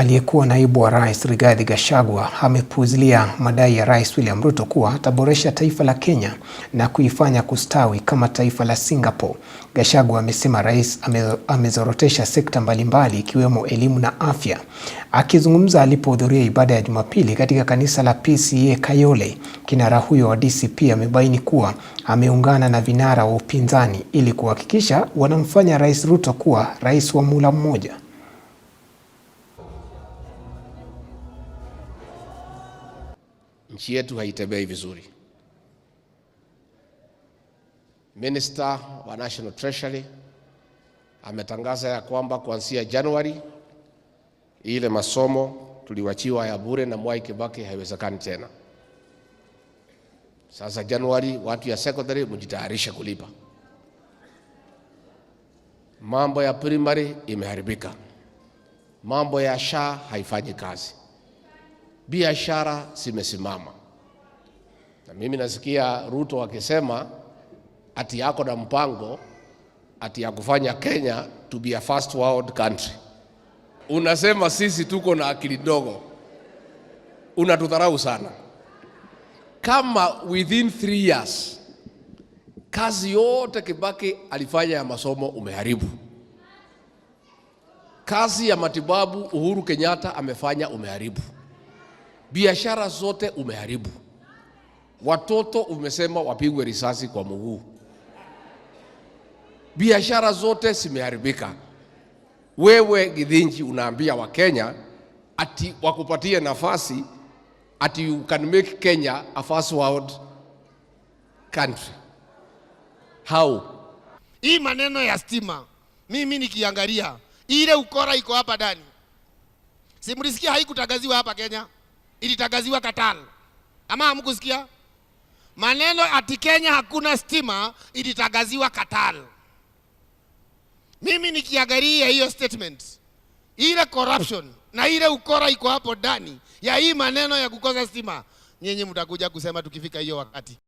Aliyekuwa naibu wa rais Rigathi Gachagua amepuuzilia madai ya Rais William Ruto kuwa ataboresha taifa la Kenya na kuifanya kustawi kama taifa la Singapore. Gachagua amesema rais amezorotesha sekta mbalimbali ikiwemo elimu na afya. Akizungumza alipohudhuria ibada ya Jumapili katika kanisa la PCEA Kayole, kinara huyo wa DCP amebaini kuwa ameungana na vinara wa upinzani ili kuhakikisha wanamfanya Rais Ruto kuwa rais wa muhula mmoja. nchi yetu haitembei vizuri. Minister wa National Treasury ametangaza ya kwamba kuanzia Januari ile masomo tuliwachiwa ya bure na Mwai Kibaki haiwezekani tena. Sasa Januari, watu ya secondary mjitayarishe kulipa. Mambo ya primary imeharibika, mambo ya SHA haifanyi kazi biashara zimesimama, na mimi nasikia Ruto akisema ati yako na mpango ati ya kufanya Kenya to be a first world country. Unasema sisi tuko na akili ndogo, unatudharau sana. Kama within three years kazi yote Kibaki alifanya ya masomo umeharibu, kazi ya matibabu Uhuru Kenyatta amefanya umeharibu biashara zote umeharibu, watoto umesema wapigwe risasi kwa mguu, biashara zote zimeharibika. Wewe Githinji unaambia Wakenya ati wakupatie nafasi ati you can make Kenya a first world country. How? Hii maneno ya stima mimi nikiangalia ile ukora iko hapa ndani, simlisikia haikutangaziwa hapa Kenya ilitangaziwa Katal, ama hamkusikia maneno ati Kenya hakuna stima? Ilitangaziwa Katal. Mimi nikiangalia hiyo statement, ile corruption na ile ukora iko hapo ndani ya hii maneno ya kukosa stima, nyenye mtakuja kusema tukifika hiyo wakati.